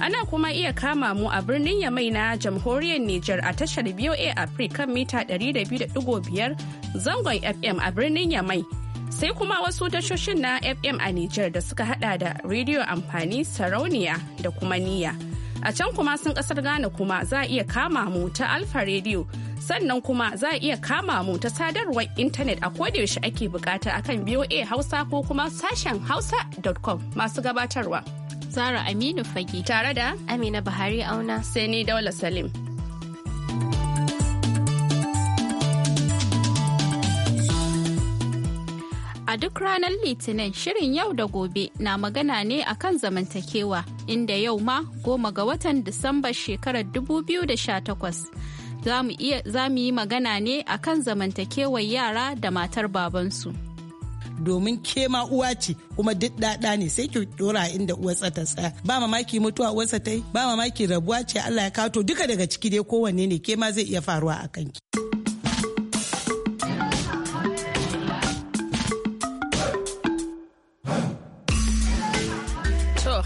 Ana kuma iya kama mu a birnin Yamai na jamhuriyar Nijar a tashar BOA Africa mita 200.5 zangon FM a birnin Yamai. Sai kuma wasu tashoshin na FM a Nijar da suka hada da rediyo amfani sarauniya da kuma niyya. A can kuma sun kasar Ghana kuma za a iya kama mu ta Alfa rediyo sannan kuma za a iya kama mu ta sadarwar intanet a yaushe ake bukata akan BOA hausa ko kuma sashen hausa.com masu gabatarwa Zara Aminu Fage. Tare da Amina Buhari Auna. Sai ni Daula Salim. A duk ranar Litinin shirin yau da gobe na magana ne akan zamantakewa inda yau ma goma ga watan Disamba shekarar 2018 za mu yi magana ne akan zamantakewar yara da matar babansu. domin Kema uwa ce kuma duk ɗaɗa ne sai ki dora inda uwarsa ta tsaya ba mamaki mutuwa uwarsa ta yi ba mamaki rabuwa ce Allah ya kato duka daga ciki dai kowanne ne ke zai iya faruwa a kanki.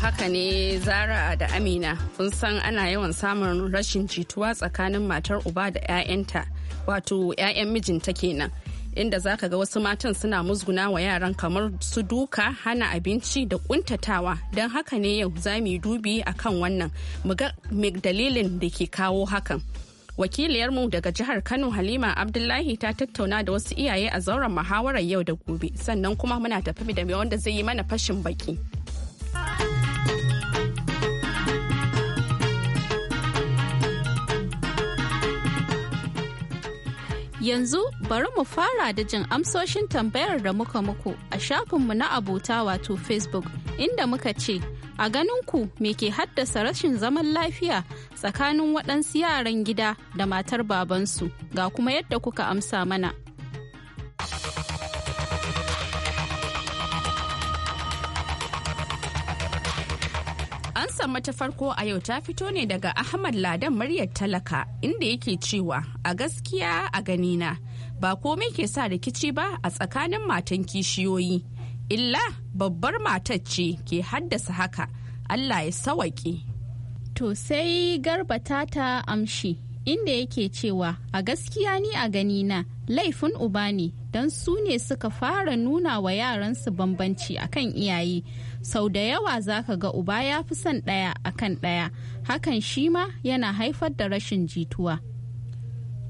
haka ne zara da amina kun san ana yawan samun rashin jituwa tsakanin matar uba da 'ya'yanta wato 'ya'yan mijinta kenan inda za ka ga wasu matan suna musguna wa yaran kamar su duka hana abinci da kuntatawa don haka ne yau za mu yi dubi a kan wannan mu ga dalilin da ke kawo hakan wakiliyarmu daga jihar kano halima abdullahi ta tattauna da wasu iyaye a zauren muhawarar yau da gobe sannan kuma muna tafi da mai wanda zai yi mana fashin baki. Yanzu bari mu fara da jin amsoshin tambayar da muka muku a shafinmu na abota wato Facebook inda muka ce, A ganinku me ke haddasa rashin zaman lafiya tsakanin waɗansu yaran gida da matar babansu ga kuma yadda kuka amsa mana. samu ta farko a yau ta fito ne daga Ahmad Ladan muryar talaka inda yake cewa a gaskiya a ganina ba komai ke sa rikici ba a tsakanin matan kishiyoyi. Illa babbar matar ce ke haddasa haka Allah ya sawaƙe. To sai garba ta amshi inda yake cewa a gaskiya ni a ganina laifin uba ne don su ne suka fara nuna wa yaransu bambanci akan iyaye. sau da yawa za ka ga uba ya fi son ɗaya akan ɗaya hakan shi ma yana haifar da rashin jituwa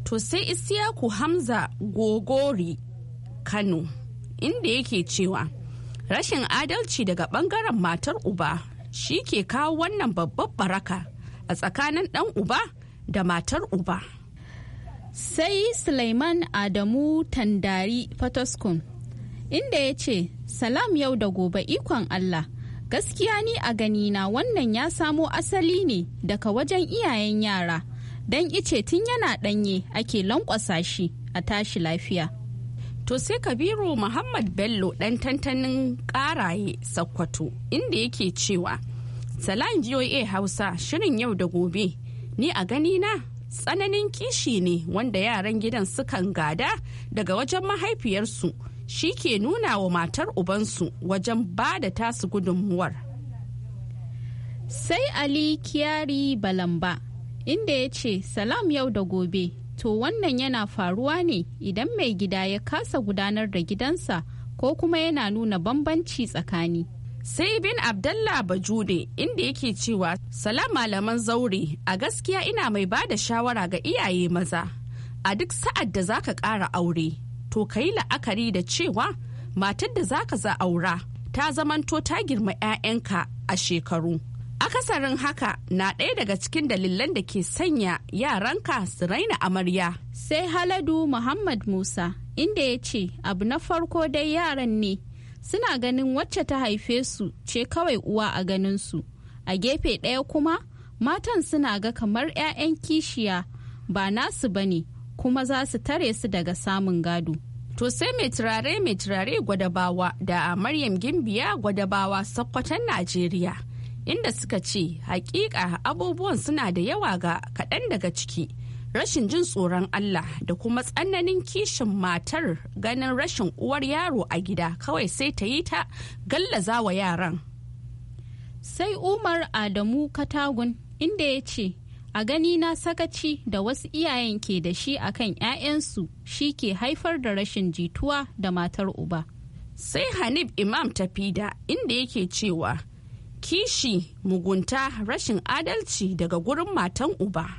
to sai isiyaku hamza gogori kano inda yake cewa rashin adalci daga bangaren matar uba shi ke kawo wannan babbar baraka a tsakanin ɗan uba da matar uba sai suleiman adamu tandari fataskun inda ya ce salam yau da gobe ikon Allah gaskiya ni a ganina wannan ya samo asali ne daga wajen iyayen yara don ice tun yana danye ake lankwasa shi a tashi lafiya. To sai Kabiru Muhammad Bello ɗan tantanin ƙaraye Sakkwato inda yake cewa Salam GOA Hausa shirin yau da gobe ni a ganina tsananin kishi ne wanda yaran gidan sukan gada daga wajen mahaifiyarsu. shi ke nuna wa matar ubansu wajen ba da tasu gudunmuwar. Sai Ali Kiyari Balamba, inda ya ce salam yau da gobe, to wannan yana faruwa ne idan mai gida ya kasa gudanar da gidansa ko kuma yana nuna bambanci tsakani. sai bin abdallah bajude inda yake cewa salam malaman zaure a gaskiya ina mai bada shawara ga iyaye maza a duk sa'ad da zaka ƙara aure to ka yi la'akari da cewa matar da za ka aura ta zamanto ta girma 'ya'yanka a shekaru. Akasarin haka na ɗaya daga cikin dalilan da ke sanya yaranka su raina amarya. Sai Haladu Muhammad Musa inda ya ce abu na farko dai yaran ne suna ganin wacce ta haife su ce kawai uwa a ganin su. A gefe ɗaya kuma matan suna ga kamar 'ya'yan kishiya ba nasu ba ne kuma za su tare su daga samun gado. To sai mai turare mai turare gwadabawa da Maryam Gimbiya gwadabawa sakkwatan Najeriya inda suka ce hakika abubuwan suna da yawa ga kaɗan daga ciki. Rashin jin tsoron Allah da kuma tsananin kishin matar ganin rashin uwar yaro a gida kawai sai ta yi ta gallaza wa yaran. Sai Umar Adamu Katagun inda ya ce a gani na sakaci da wasu iyayen ke da shi akan 'ya'yansu shi ke haifar da rashin jituwa da matar uba sai hanif imam tafida inda yake cewa kishi mugunta rashin adalci daga gurin matan uba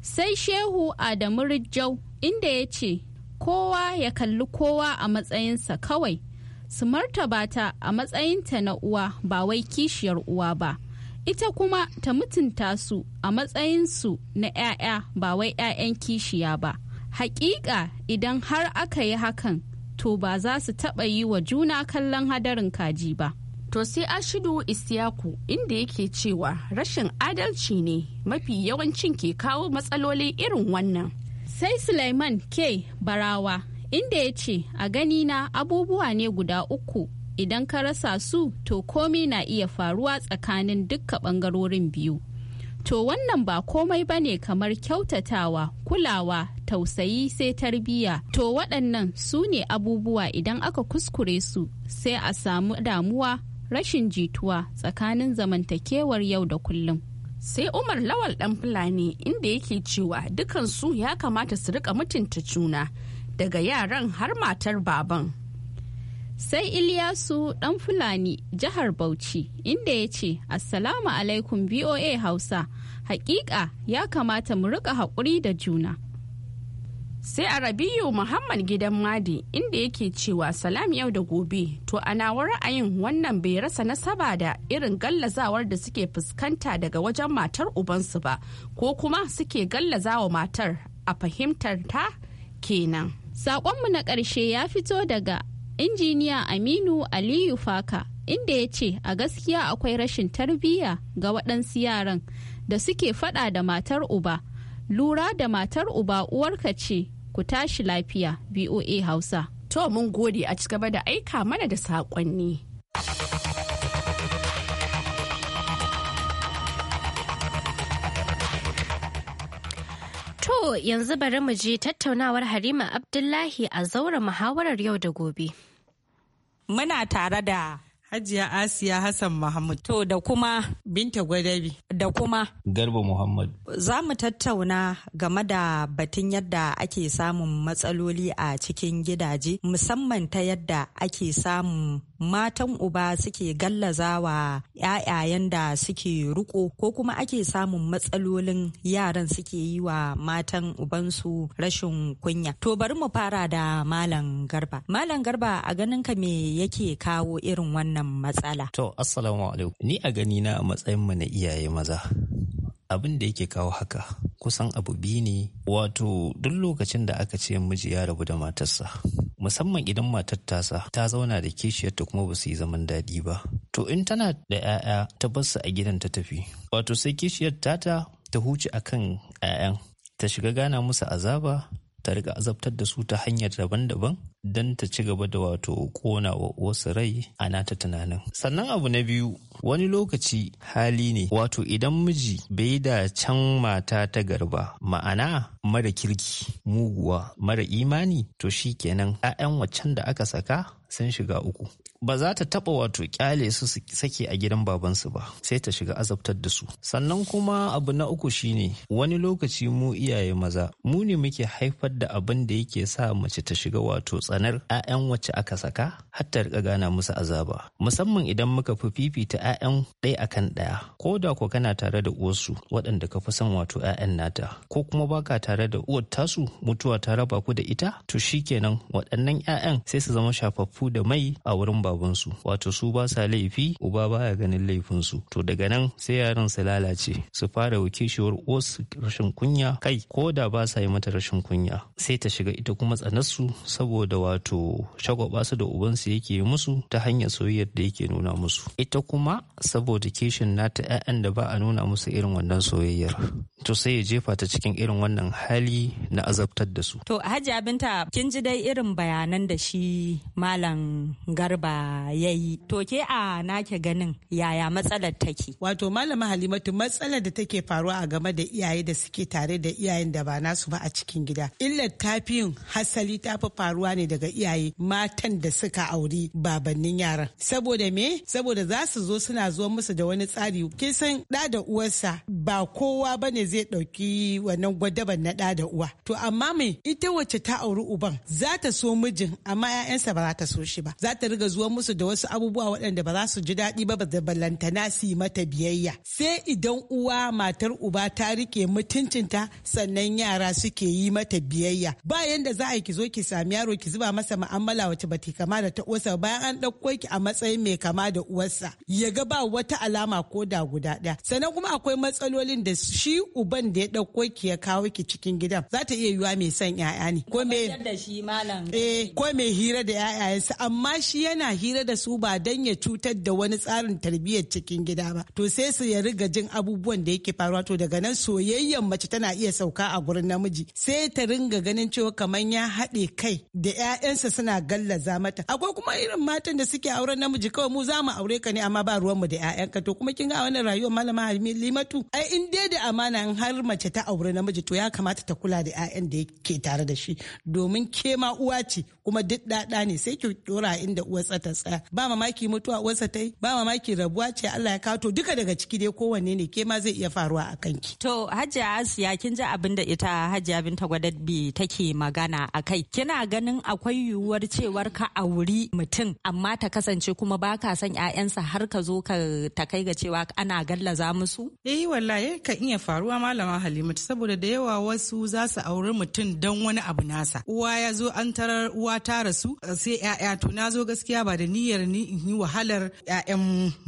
sai shehu adamu rijau inda ya ce kowa ya kalli kowa a matsayinsa kawai su martaba ta a matsayinta na uwa ba wai kishiyar uwa ba ita kuma ta mutunta su a matsayinsu na 'ya'ya ba wai 'ya'yan kishiya ba hakika idan har aka yi hakan to ba za su taɓa yi wa juna kallon hadarin kaji ba to sai ashidu isiyaku inda yake cewa rashin adalci ne mafi yawancin ke kawo matsaloli irin wannan sai sulaiman ke barawa inda ya ce a ganina abubuwa ne guda uku idan ka rasa su to komi na iya faruwa tsakanin dukka bangarorin biyu to wannan ba komai ba ne kamar kyautatawa kulawa tausayi sai tarbiyya to waɗannan su ne abubuwa idan aka kuskure su sai a samu damuwa rashin jituwa tsakanin zamantakewar yau da kullum sai umar lawal ɗan fulani inda yake cewa dukansu ya kamata su riƙa mutunta juna daga yaran har matar baban Sai Iliyasu ɗan Fulani jihar Bauchi inda ya ce, Assalamu alaikum VOA Hausa, hakika ya kamata mu riƙa haƙuri da juna. sai a rabiu muhammad gidan madi inda yake cewa salam yau da gobe to a nawa ra'ayin wannan bai rasa nasaba da irin gallazawar da suke fuskanta daga wajen matar ubansu ba ko kuma suke gallazawa matar a fahimtar ta kenan saƙonmu na ƙarshe ya fito daga injiniya aminu aliyu faka inda ya ce a gaskiya akwai rashin tarbiyya ga waɗansu yaran da suke faɗa da matar uba lura da matar uba uwarka ce ku tashi lafiya voa hausa to mun gode a cigaba da aika mana da saƙonni yanzu bari mu je tattaunawar Harima Abdullahi a zaura muhawarar yau da gobe. Muna tare da Hajiya Asiya Hassan Muhammad. To da kuma Binta Gwadabi. Da kuma Garba Muhammad. Za mu tattauna game da batun yadda ake samun matsaloli a cikin gidaje musamman ta yadda ake samun matan uba suke gallazawa ‘ya'yayen da suke riko ko kuma ake samun matsalolin yaran suke yi wa matan ubansu rashin kunya. To bari mu fara da Malam Garba. Malam Garba a ganinka me yake kawo irin wannan matsala? To, Assalamu alaikum. Ni a ganina a matsayin mu na iyaye maza. abin da yake kawo haka kusan abu biyu ne wato duk lokacin da aka ce miji ya rabu da matarsa musamman idan matar tasa ta zauna da kishiyarta kuma ba su yi zaman daɗi ba to in tana da 'ya'ya ta bar su a gidan ta tafi wato sai kishiyar tata ta huce akan 'ya'yan ta shiga gana musu azaba ta riga azabtar da su ta hanyar daban-daban don ta ci gaba da wato kona wa wasu rai a nata tunanin sannan abu na biyu wani lokaci hali ne wato idan miji bai da can mata ta garba ma'ana mara kirki muguwa mara imani to shi kenan 'ya'yan waccan da aka saka sun shiga uku ba za ta taɓa wato kyale su sake a gidan babansu ba sai ta shiga azabtar da su sannan kuma abu na uku shine wani lokaci mu iyaye maza mu ne muke haifar da abin da yake sa mace ta shiga wato tsanar 'ya'yan wacce aka saka har ta riƙa gana musu azaba musamman idan muka fi fifita 'ya'yan ɗaya akan ɗaya ko da ko kana tare da uwarsu waɗanda ka fi son wato 'ya'yan nata ko kuma baka tare da uwar tasu mutuwa ta raba ku da ita to shikenan waɗannan 'ya'yan sai su zama shafaffu da mai a wurin babansu wato su ba sa laifi uba baya ganin laifinsu to daga nan sai yaran su lalace su fara wakishiyar os rashin kunya kai ko da ba sa yi mata rashin kunya sai ta shiga ita kuma tsanarsu saboda wato shagwaba su da ubansu yake yi musu ta hanyar soyayyar da yake nuna musu ita kuma saboda kishin nata 'ya'yan da ba a nuna musu irin wannan soyayyar to sai ya jefa ta cikin irin wannan hali na azabtar da su to hajji abinta kin ji dai irin bayanan da shi malam garba ya yi to ke a nake ganin yaya matsalar take wato malama halimatu matsalar da take faruwa a game da iyaye da suke tare da iyayen da ba nasu ba a cikin gida illar tafiyin hasali ta fi faruwa ne daga iyaye matan da suka auri babannin yaran saboda me saboda za su zo suna zo musu da wani tsari kin san da da uwarsa ba kowa bane zai dauki wannan gwadaban na da da uwa to amma me ita wacce ta auri uban za ta so mijin amma 'ya'yansa ba za ta so shi ba za ta riga zuwa bijiro musu da wasu abubuwa waɗanda ba za su ji daɗi ba da ballantana su yi mata biyayya sai idan uwa matar uba ta rike mutuncinta sannan yara suke yi mata biyayya ba yanda za a ki zo ki sami yaro ki zuba masa mu'amala wacce ba ta kama da ta uwarsa bayan an ɗauko ki a matsayin mai kama da uwarsa ya ga ba wata alama ko da guda ɗaya sannan kuma akwai matsalolin da shi uban da ya ɗauko ki ya kawo ki cikin gidan za ta iya yiwa mai son 'ya'ya ne ko eh, mai hira da 'ya'yansa amma shi yana hira da su ba dan ya cutar da wani tsarin tarbiyyar cikin gida ba to sai su ya riga jin abubuwan da yake faruwa to daga nan soyayyar mace tana iya sauka a gurin namiji sai ta ringa ganin cewa kamar ya haɗe kai da ƴaƴansa suna gallaza mata akwai kuma irin matan da suke auren namiji kawai mu za mu aure ka ne amma ba ruwanmu da ƴaƴanka. to kuma kin ga wannan rayuwar malama limatu ai in dai da amana in har mace ta aure namiji to ya kamata ta kula da ƴaƴan da yake tare da shi domin kema uwa ce kuma duk ɗaɗa ne sai ki dora inda uwa ta tsaya ba mamaki mutuwa wasa ta yi ba mamaki rabuwa ce Allah ya kato duka daga ciki dai kowanne ne ke ma zai iya faruwa a kanki. To Hajiya Asiya kin ji abin da ita Hajiya Binta Gwadabbi take magana a kai kina ganin akwai yiwuwar cewar ka auri mutum amma ta kasance kuma ba ka son ƴaƴansa har ka zo ka ta kai ga cewa ana gallaza musu? Eh wallahi ka iya faruwa malama Halimatu saboda da yawa wasu za su auri mutum don wani abu nasa. Uwa ya zo an tarar uwa ta rasu sai ƴaƴa to na zo gaskiya ba da niyyar ni in yi wahalar 'ya'yan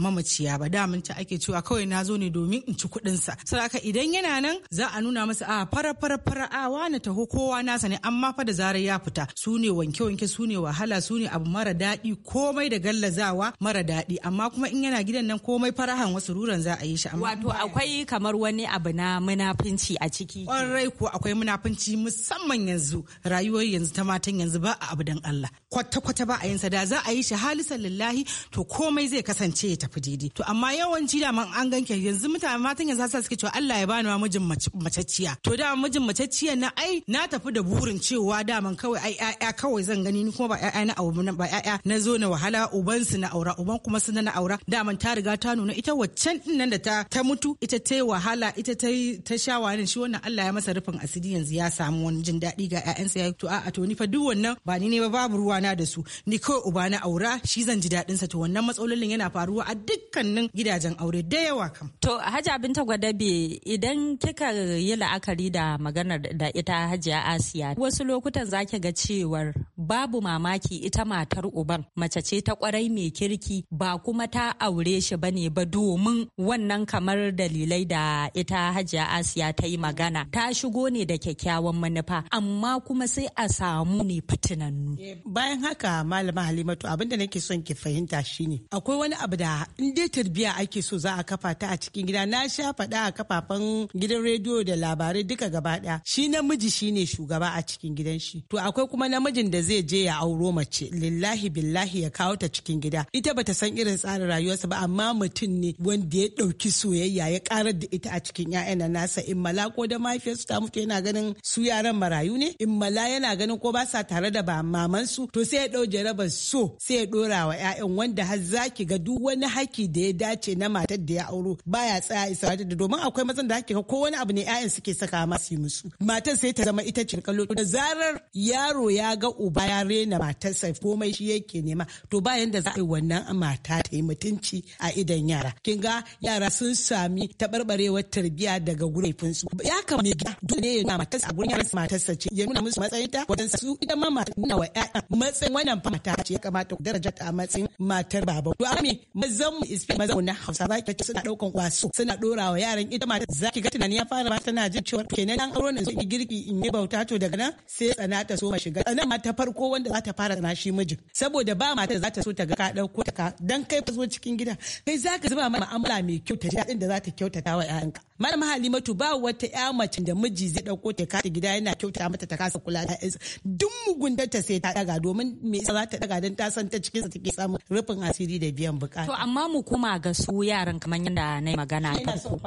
mamaciya ba da ta ake cewa kawai na zo ne domin in ci kuɗin sa saraka idan yana nan za a nuna masa a ah, fara fara fara a ah, wani taho kowa nasa ne amma fa da zarar ya fita su ne wanke wanke su ne wahala su ne abu mara daɗi komai da gallazawa mara daɗi amma kuma in yana gidan nan komai farahan wasu ruran za a yi shi wato akwai kamar wani abu na munafunci a ciki kwarai ko akwai munafunci musamman yanzu rayuwar yanzu ta matan yanzu ba a abu dan Allah kwata kwata ba a yin sa da za a yi shi halisan lillahi to komai zai kasance ya tafi daidai to amma yawanci da an ganke yanzu mutane matan yanzu sa suke cewa Allah ya bani wa mijin macacciya to da mijin macacciya na ai na tafi da burin cewa da man kawai ai ƴaƴa kawai zan gani ni kuma ba ƴaƴa na abu ba ƴaƴa na zo na wahala uban su na aura uban kuma su na aura da ta riga ta nuna ita waccan din nan da ta ta mutu ita ta yi wahala ita ta ta sha wani shi wannan Allah ya masa rufin asiri yanzu ya samu wani jin daɗi ga ƴaƴansa ya to a'a to ni fa duk wannan ba ni ne ba babu ruwana da su ni kawai uba na aura aura shi zan ji daɗin sa to wannan matsalolin yana faruwa a dukkanin gidajen aure da yawa kam. To Hajja Binta Gwadabe idan kika yi la'akari da maganar da ita Hajiya Asiya wasu lokutan zaki ga cewar babu mamaki ita matar uban mace ce ta kwarai mai kirki ba kuma ta aure shi bane ba domin wannan kamar dalilai da ita Hajiya Asiya ta yi magana ta shigo ne da kyakkyawan manufa amma kuma sai a samu ne fitinannu. Eh, bayan haka Malama Halimatu abin da nake son ki fahimta shine akwai wani abu da in dai tarbiya ake so za a kafa ta a cikin gida na sha faɗa a kafafen gidan rediyo da labarai duka gaba ɗaya shi namiji shine shugaba a cikin gidan shi to akwai kuma namijin da zai je ya auro mace lillahi billahi ya kawo ta cikin gida ita bata san irin tsarin rayuwarsa ba amma mutum ne wanda ya ɗauki soyayya ya ƙarar da ita a cikin 'ya'yan nasa in mala ko da mahaifiyarsu ta mutu yana ganin su yaran marayu ne in mala yana ganin ko ba sa tare da ba mamansu to sai ya ɗau jarabar so sai zai dora wa 'ya'yan wanda har zaki ga duk wani haki da ya dace na matar da ya auro baya tsaya isa wata da domin akwai mazan da haki ko wani abu ne 'ya'yan suke saka masu musu matar sai ta zama ita cin kallo da zarar yaro ya ga uba ya rena matar sa komai shi yake nema to ba yanda za a yi wannan mata ta yi mutunci a idan yara kin ga yara sun sami taɓarɓarewar tarbiyya daga gurefin su ya kama ne gida dole ne ya nuna matarsa gurin matar sa ce ya nuna musu matsayinta wajen su ita ma matar nuna wa 'ya'yan matsayin wannan fa mata ce ya kamata darajat a matsayin matar baba to ami mazan mu ispe mazan mu na Hausa ba ki suna daukan kwaso suna dorawa yaran ita mata zaki ga tunani ya fara ba tana jin cewa kenan dan aure ne zai girki in yi bauta to daga nan sai tsana ta so ma shiga tsana ma ta farko wanda za ta fara tsana shi mijin saboda ba mata za ta so ta ga ka dauko ta ka dan kai ka zo cikin gida kai zaka zuba ma mu'amala mai kyau ta ji da za ta kyautata wa 'ya'yanka malama halimatu ba wata ya mace da miji zai dauko ta kata gida yana kyauta mata ta kasa kula da duk mugunta ta sai ta daga domin me yasa za ta daga dan ta san ta cikin take samun rufin asiri da biyan bukata. To amma mu kuma ga su yaran kamar yadda na magana. Ina son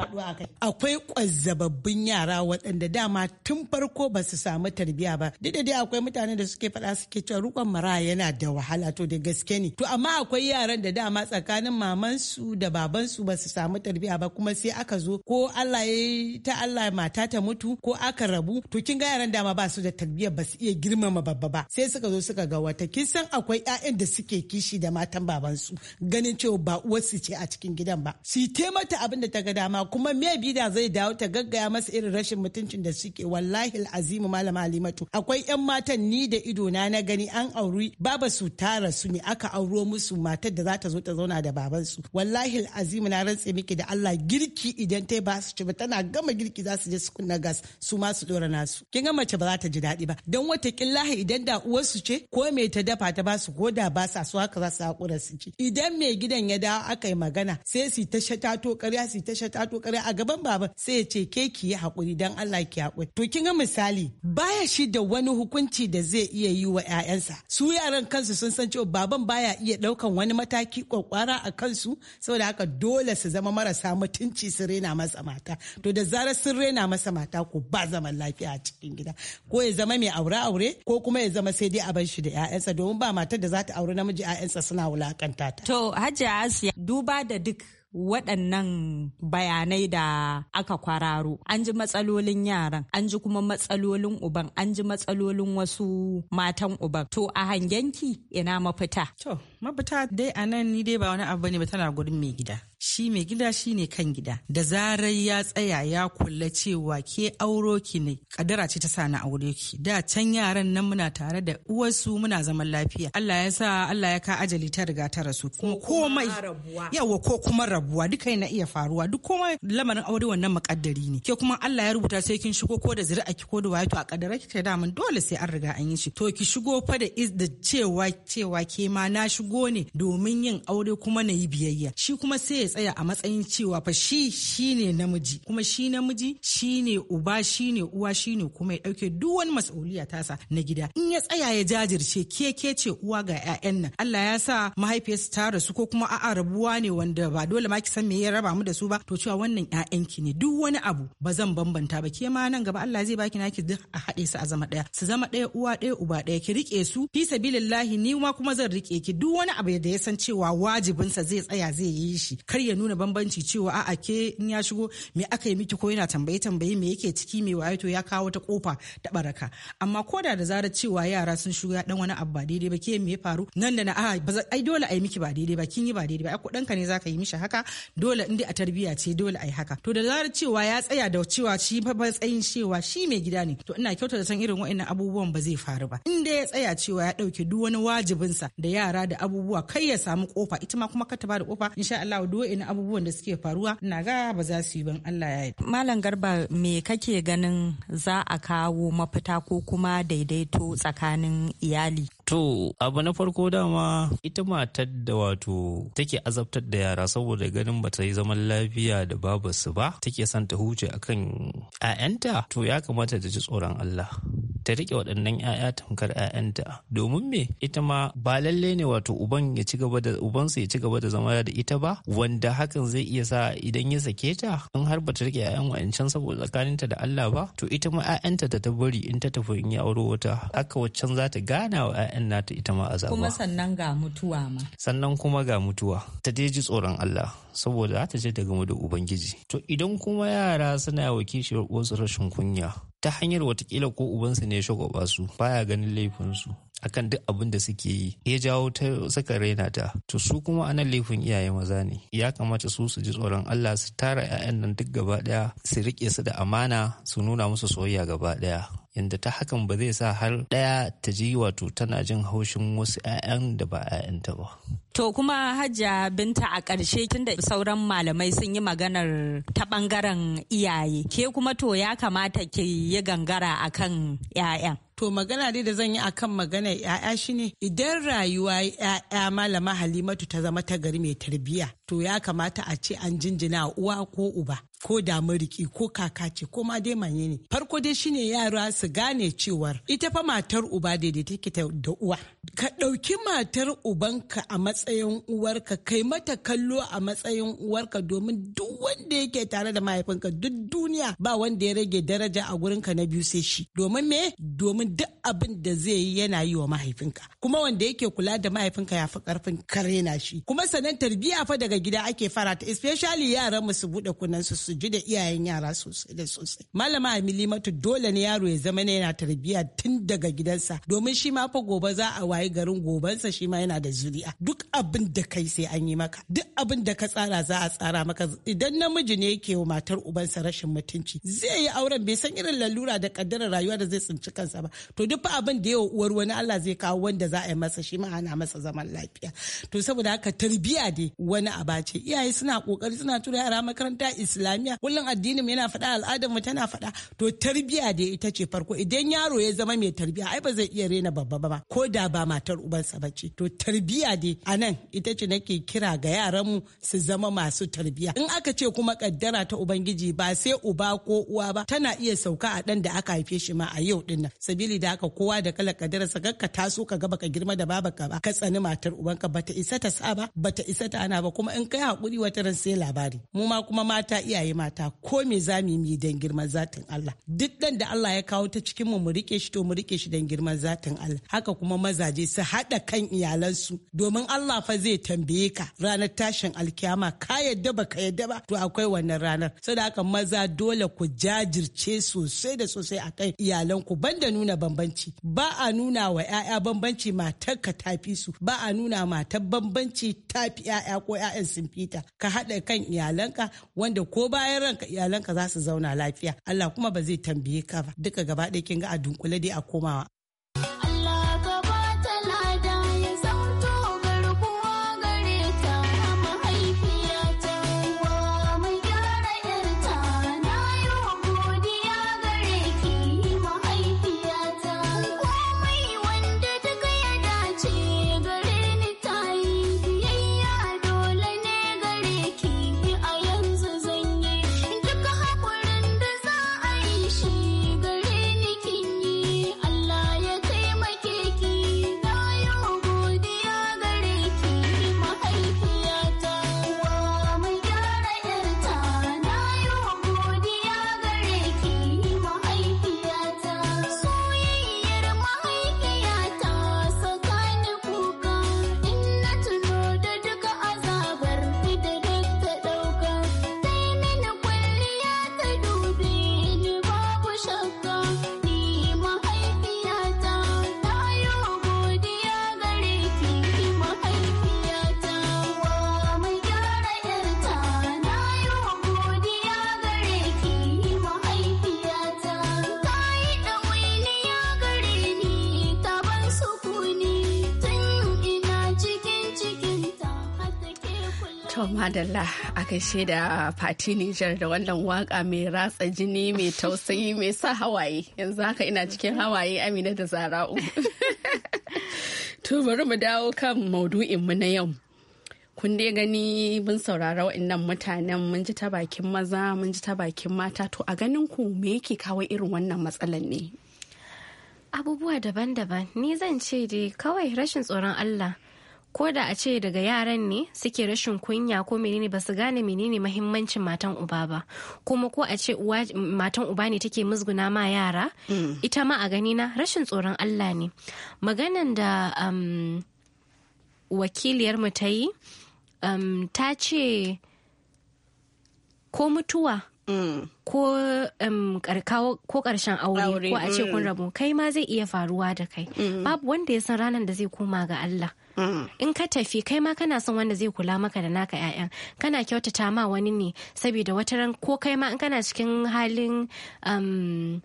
Akwai kwazzababbin yara waɗanda dama tun farko ba su samu tarbiyya ba. Duk da dai akwai mutane da suke faɗa suke cewa rukon mara yana da wahala to da gaske ne. To amma akwai yaran da dama tsakanin mamansu da babansu ba su samu tarbiyya ba kuma sai aka zo ko Allah ya ta Allah mata ta mutu ko aka rabu to kin ga yaran dama ba su da tarbiyya ba su iya girmama babba ba sai suka zo suka ga wata kin san akwai 'ya'yan da su suke kishi da matan babansu ganin cewa ba uwarsu ce a cikin gidan ba su te mata abin da ta ga dama kuma me bida zai dawo ta gaggaya masa irin rashin mutuncin da suke wallahi azimu malama alimatu akwai yan matan ni da ido na na gani an auri baba su tara su ne aka auro musu matar da za ta zo ta zauna da babansu wallahi azimu na rantse miki da Allah girki idan ta ba su ci ba tana gama girki za su je su kunna gas su ma su dora nasu kin ga mace ba za ta ji daɗi ba don wata killahi idan da uwarsu ce ko me ta dafa ta ba su ko da ba sa su haka za su haƙura su ci idan mai gidan ya dawo aka yi magana sai su ta shatato ƙarya su ta shatato ƙarya a gaban baban. sai ya ce ke ki yi haƙuri dan Allah ki haƙuri to kin ga misali baya shi da wani hukunci da zai iya yi wa ƴaƴansa su yaran kansu sun san cewa baban baya iya ɗaukan wani mataki kwakwara a kansu saboda haka dole su zama marasa mutunci su rena masa mata to da zarar sun rena masa mata ko ba zaman lafiya a cikin gida ko ya zama mai aure aure ko kuma ya zama sai dai a bar shi da ƴaƴansa domin ba matar da za ta aure na namiji 'ya'yansa suna wulakanta ta. To Hajiya Asiya duba da duk waɗannan bayanai da aka kwararo an ji matsalolin yaran an ji kuma matsalolin uban an ji matsalolin wasu matan uban to a hangenki ina mafita. To mabuta dai a nan ni dai ba wani abu ne ba tana gurin mai gida shi mai gida shi ne kan gida da zarar ya tsaya ya kulla cewa ke auro ki ne kadara ce ta sa na aure ki da can yaran nan muna tare da uwarsu muna zaman lafiya Allah ya sa Allah ya ka ajali ta riga ta rasu kuma komai yawa ko kuma rabuwa duka na iya faruwa duk komai lamarin aure wannan makaddari ne ke kuma Allah ya rubuta sai kin shigo ko da zuri'a ki ko da wayo to a kadara ki ta damun dole sai an riga an yi shi to ki shigo fa da da cewa cewa ke ma na shigo shigo ne domin yin aure kuma na yi biyayya shi kuma sai ya tsaya a matsayin cewa fa shi shine namiji kuma shi namiji shine uba shine uwa shine kuma ya dauke duk wani mas'uliya tasa na gida in ya tsaya ya jajirce ke ke ce uwa ga 'ya'yan nan Allah ya sa mahaifiyarsu ta rasu ko kuma a'a rabuwa ne wanda ba dole ma ki san me ya raba mu da su ba to cewa wannan ki ne duk wani abu ba zan bambanta ba ke ma nan gaba Allah zai baki naki duk a haɗe su a zama ɗaya su zama ɗaya uwa ɗaya uba ɗaya ki rike su fi sabilillahi ni ma kuma zan rike ki duk wani abu da ya san cewa wajibinsa zai tsaya zai yi shi kar ya nuna bambanci cewa a ke in ya shigo me aka yi miki ko yana tambaye tambaye me yake ciki me waye to ya kawo ta kofa ta baraka amma ko da da zarar cewa yara sun shigo ya dan wani abu ba daidai ba ke me ya faru nan da na a ai dole a miki ba daidai ba kin yi ba daidai ba ai kudanka ne zaka yi mishi haka dole inda a tarbiya ce dole ai haka to da zarar cewa ya tsaya da cewa shi fa matsayin cewa shi mai gida ne to ina kyauta da san irin wa'annan abubuwan ba zai faru ba inda ya tsaya cewa ya dauke duk wani wajibinsa da yara da abu abubuwa kai ya samu kofa ita ma kuma ka ta bada kofa insha Allah duk abubuwan da suke faruwa ina ga ba za su yi ban Allah ya yi malam garba me kake ganin za a kawo mafita ko kuma daidaito tsakanin iyali To abu na farko dama ita matar da wato take azabtar da yara saboda ganin ba ta yi zaman lafiya da babarsu ba take son ta huce akan 'ya'yanta to ya kamata ta ji tsoron Allah. ta rike waɗannan 'ya'ya tamkar 'ya'yanta domin me ita ma ba lalle ne wato uban ya ci gaba da ubansa ya ci gaba da zama da ita ba wanda hakan zai iya sa idan ya sake ta in har ba ta rike 'ya'yan wa'ancan saboda tsakaninta da Allah ba to ita ma 'ya'yanta da ta bari in ta tafi in ya auro wata haka waccan za ta gana wa 'ya'yan nata ita ma azaba kuma sannan ga mutuwa ma sannan kuma ga mutuwa ta dai ji tsoron Allah saboda za ta je ta gama da ubangiji to idan kuma yara suna wa wasu rashin kunya ta hanyar watakila ko ubansu ne ne ya shagwaba su baya ganin laifinsu akan duk abin da suke yi ya jawo ta saka raina ta to su kuma anan laifin iyaye maza ne ya kamata su su ji tsoron Allah su tara 'ya'yan nan duk gaba daya su rike su da amana su nuna musu soyayya gaba daya yadda ta hakan ba zai sa har ɗaya ta ji wato tana jin haushin wasu 'ya'yan da ba 'ya'yanta ba. To kuma hajja binta a ƙarshe tun da sauran malamai sun yi maganar ta ɓangaren iyaye ke kuma to ya kamata ki yi gangara a kan 'ya'yan. To magana dai da zan yi akan magana 'ya'ya shine idan rayuwa 'ya'ya malama halimatu ta zama ta gari mai tarbiyya to ya kamata a ce an jinjina uwa ko uba ko da mariki ko kaka ce ko ma dai manye ne farko dai shine yara su gane cewar ita fa matar uba daidai take ta da uwa ka ɗauki matar ubanka a matsayin uwarka kai mata kallo a matsayin uwarka domin duk wanda yake tare da mahaifinka duk duniya ba wanda ya rage daraja a gurinka na biyu sai shi domin me domin duk abin da zai yi yana yi wa mahaifinka kuma wanda yake kula da mahaifinka ya fi karfin na shi kuma sanan tarbiya fa daga gida ake fara ta especially yaran mu su buɗe kunnensu su su ji da iyayen yara sosai da sosai malama mata dole ne yaro ya zama yana tarbiyya tun daga gidansa domin shi ma fa gobe za a wayi garin gobansa shi ma yana da zuri'a duk abin da kai sai an yi maka duk abin da ka tsara za a tsara maka idan namiji ne yake wa matar ubansa rashin mutunci zai yi auren bai san irin lalura da kaddarar rayuwa da zai tsinci kansa ba to duk abin da wa uwar wani Allah zai kawo wanda za a yi masa shi ma ana masa zaman lafiya to saboda haka tarbiyya dai wani abace. iyaye suna kokari suna tura yara makaranta islamiyya islamiyya kullum addinin yana faɗa al'adar mu tana faɗa to tarbiya da ita ce farko idan yaro ya zama mai tarbiya ai ba zai iya rena babba ba ko da ba matar ubansa ba ce to tarbiya dai a ita ce nake kira ga yaran mu su zama masu tarbiya in aka ce kuma kaddara ta ubangiji ba sai uba ko uwa ba tana iya sauka a dan da aka haife shi ma a yau din nan sabili da aka kowa da kala kaddara sa ka taso ka ga baka girma da ka ba ka tsani matar ubanka bata isa ta sa ba bata isa ta ana ba kuma in kai hakuri wata ran sai labari mu ma kuma mata iya iyaye mata ko me za mu yi dan girman zatin Allah duk dan da Allah ya kawo ta cikin mu mu rike shi to mu rike shi dan girman zatin Allah haka kuma mazaje su haɗa kan iyalansu domin Allah fa zai tambaye ka ranar tashin alkiyama ka yadda ba ka yadda ba to akwai wannan ranar saboda haka maza dole ku jajirce sosai da sosai a kan iyalanku banda nuna bambanci ba a nuna wa 'ya'ya bambanci matar ka tafi su ba a nuna matar bambanci tafi 'ya'ya ko 'ya'yan sun fita ka haɗa kan iyalanka wanda ko bayan ranka iyalanka za su zauna lafiya Allah kuma ba zai tambaye ka ba duka gaba ɗaya kin ga a dunkule dai a komawa To madalla a gaishe da Fati Nijar da wannan waka mai ratsa jini mai tausayi mai sa hawaye yanzu haka ina cikin hawaye Amina da Zara'u. to bari mu dawo kan mu na yau. Kun dai gani mun saurara wa'annan mutanen mun ji ta bakin maza mun ji ta bakin mata to a ganin ku me yake kawo irin wannan matsalan ne? Abubuwa daban-daban ni zan ce dai kawai rashin tsoron Allah. ko da a ce daga yaran ne suke rashin kunya ko menene ba su gane menene mahimmancin matan uba ba kuma ko a ce matan uba ne take musguna ma yara mm. ita ma a gani na rashin tsoron Allah ne maganan da um, wakiliyar mu ta yi um, ta ce ko mutuwa mm. ko um, karshen aure ko a ce kun mm. rabu kai ma zai iya faruwa da kai babu wanda ya san ranar da zai koma ga Allah in ka tafi kai ma kana son wanda zai kula maka da naka 'ya'yan kana kyautata ma wani ne saboda wata ran ko kai ma in kana cikin halin um,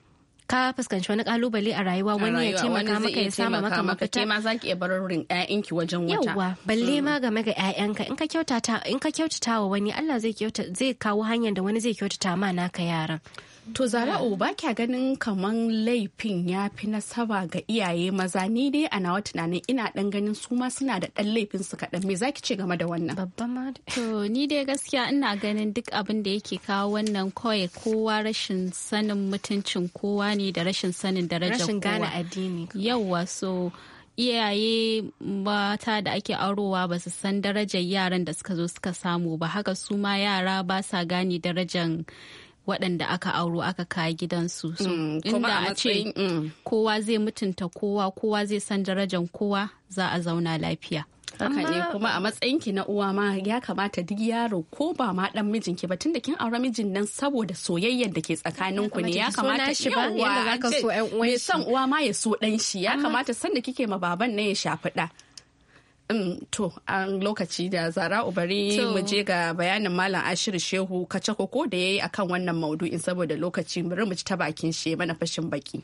ka fuskanci wani kalubale a rayuwa wani ya taimaka maka ya sama maka mafita ma zaki iya bar rin ƴaƴanki wajen wata yawa balle hmm. ma game ga ƴaƴanka in ka kyautata in ka kyautata wa wani Allah zai zai kawo hanyar da wani zai kyautata ma naka yaran To zara'u ba kya ganin kaman laifin ya fi nasaba ga iyaye maza ni dai a nawa tunanin ina dan ganin su ma suna da dan laifin su kaɗan me zaki ce game da wannan? Babba ma to ni dai gaskiya ina ganin duk abin da yake kawo wannan kawai kowa rashin sanin mutuncin kowa ne da rashin sanin darajar kowa. Rashin gane addini. Yawwa so iyaye mata da ake aurowa ba su san darajar yaran da suka zo suka samu ba haka su ma yara ba sa gane darajar waɗanda aka auro aka kayi gidansu su mm, inda a ce mm. kowa zai mutunta kowa kowa zai san darajan kowa za a zauna lafiya haka ne kuma a matsayinki na uwa ma ya kamata duk yaro ko ba ma dan mijinki ba tunda kin aure mijin nan saboda soyayyar da ke tsakanin ku ne ya kamata shi ba yanda zaka so ɗan uwa ma ya so dan shi ya kamata sanda kike ma baban ne ya shafi da Mm, to an lokaci da zara ubari mu je ga bayanin malam ashir shehu kace koko da yayi akan wannan maudu'in saboda lokaci bari mu ci ta bakin shi mana fashin baki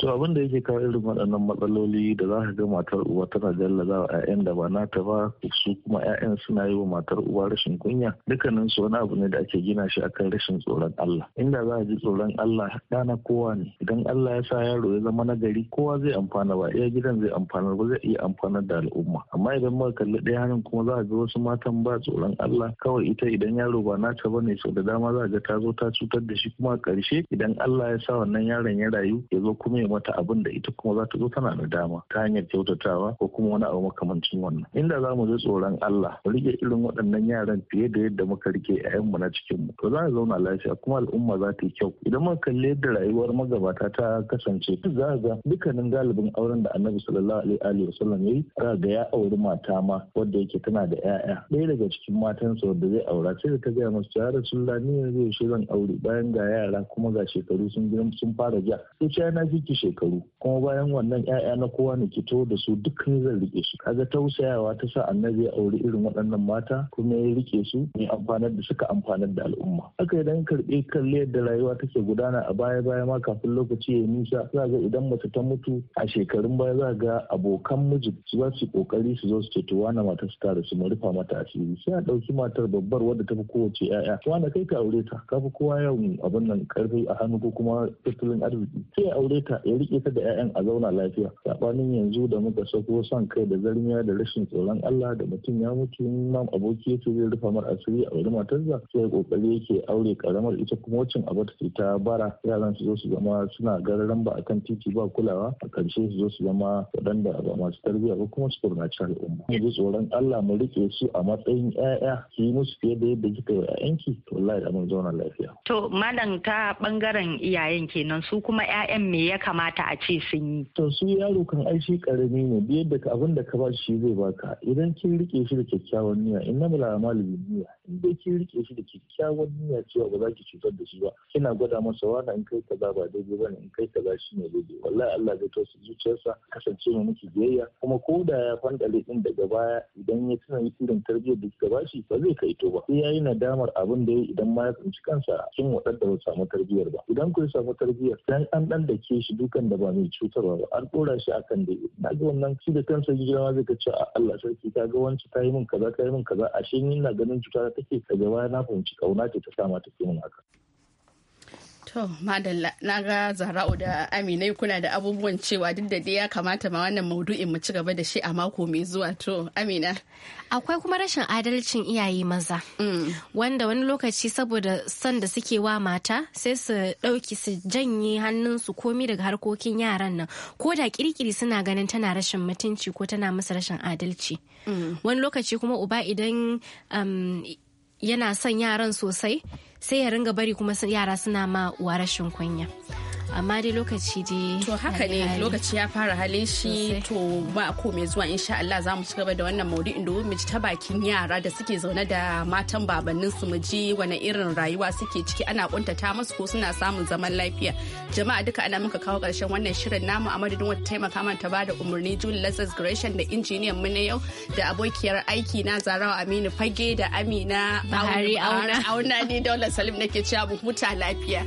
to abin da yake kawo irin waɗannan matsaloli da za ka ga matar uwa tana jallaza wa 'ya'yan da ba ta ba su kuma 'ya'yan suna yi wa matar uwa rashin kunya dukkanin su wani abu ne da ake gina shi akan rashin tsoron Allah inda za a ji tsoron Allah dana kowa ne idan Allah ya sa yaro ya zama na gari kowa zai amfana ba iya gidan zai amfana ba zai iya amfanar da al'umma amma idan muka kalli ɗaya hannun kuma za a ga wasu matan ba tsoron Allah kawai ita idan yaro ba nata ba ne sau da dama za a ga ta zo ta cutar da shi kuma a ƙarshe idan Allah ya sa wannan yaron ya rayu ya zo kuma mata abin da ita kuma za ta zo tana da dama ta hanyar kyautatawa ko kuma wani abu makamancin wannan inda za mu ji tsoron Allah mu rike irin waɗannan yaran fiye da yadda muka rike ƴaƴanmu na cikin mu to za a zauna lafiya kuma al'umma za ta yi kyau idan muka kalli yadda rayuwar magabata ta kasance duk za ga dukkanin galibin auren da Annabi sallallahu alaihi wa sallam yayi za ga ya auri mata ma wadda yake tana da ƴaƴa ɗaya daga cikin matan matansa wadda zai aura sai da ta gaya masu ya rasulullah ni yanzu yaushe zan aure bayan ga yara kuma ga shekaru sun girma sun fara ja sai na ji ki shekaru kuma bayan wannan 'ya'ya na kowa ne kito da su dukkan zan rike su kaga tausayawa ta sa annabi ya auri irin waɗannan mata kuma ya rike su ne amfanar da suka amfanar da al'umma haka idan karɓe kalle yadda rayuwa take gudana a baya baya ma kafin lokaci ya nisa za ga idan mace ta mutu a shekarun baya za ga abokan miji su za su kokari su zo su ce to wani mata su tare su mu rufa mata asiri sai a ɗauki matar babbar wadda ta fi kowace 'ya'ya wani kai ka aure ta ka kowa yawan abin nan karfi a hannu ko kuma tattalin arziki sai a aure ta ya rike ta da 'ya'yan a zauna lafiya sabanin yanzu da muka sako son kai da zarmiya da rashin tsoron Allah da mutum ya mutu nan aboki yake zai rufa mar asiri a wani matarsa sai kokari yake aure karamar ita kuma wacin abu ta ta bara yaran su zo su zama suna gararan ba akan titi ba kulawa a karshe su zo su zama waɗanda ba masu tarbiyya ba kuma su kurnaci al'umma mu ji tsoron Allah mu rike su a matsayin 'ya'ya su yi musu fiye da yadda kika yi 'yanki to wallahi da mun zauna lafiya to malam ta bangaren iyayen kenan su kuma 'ya'yan me ya kamata kamata a ce sun yi. To su yaro kan ai shi karami ne biyar da abin da ka ba shi zai baka idan kin rike shi da kyakkyawan niyya inna mala amalu bi niyya in dai kin rike shi da kyakkyawan niyya cewa ba za ki cutar da shi ba kina gwada masa wani in kai kaza ba daidai bane in kai kaza shi ne daidai wallahi Allah zai tosa zuciyarsa kasance mai miki biyayya kuma ko da ya fandale din daga baya idan ya tuna irin tarbiyyar da kika bashi ba zai kai to ba sai yi nadamar abin da ya idan ma ya tsinci kansa kin wadar da ba samu tarbiyyar ba idan ku samu tarbiyyar dan an dan da ke shi duk cututtukan da ba mai cutarwa ba an ɗora shi akan da na ga wannan shi da kansa ji girma zai ka a Allah sarki ta ga wancan ta yi min kaza ta yi min kaza ashe ni na ganin cuta take ka gaba na fahimci kauna ce ta sama take min haka To, madalla na ga zara'u da aminai kuna da abubuwan cewa duk da ya kamata ma wannan maudu'in mu ci gaba da shi a mako mai zuwa to amina. Akwai kuma rashin adalcin iyaye maza. Mm. Wanda wani lokaci saboda son da suke wa mata sai su ɗauki su janye hannun su komi daga harkokin yaran nan ko da kirkiri suna ganin tana rashin mutunci ko tana musu rashin adalci. Mm. Wani lokaci kuma uba idan um, yana son yaran sosai sai ya ringa bari kuma yara suna ma uwa rashin kunya amma dai lokaci dai to haka ne lokaci ya fara halin shi to ba ko mai zuwa insha Allah za mu ci gaba da wannan maudu inda mu ji ta bakin yara da suke zaune da matan babannin su mu ji wani irin rayuwa suke ciki ana kuntata musu ko suna samun zaman lafiya jama'a duka ana muka kawo karshen wannan shirin namu a madadin wata taimaka man ta bada umarni Julie Lazarus Gration da injiniyan mu na yau da abokiyar aiki na Zarawa Aminu Fage da Amina Bahari Auna Auna ne Salim nake cewa mu huta lafiya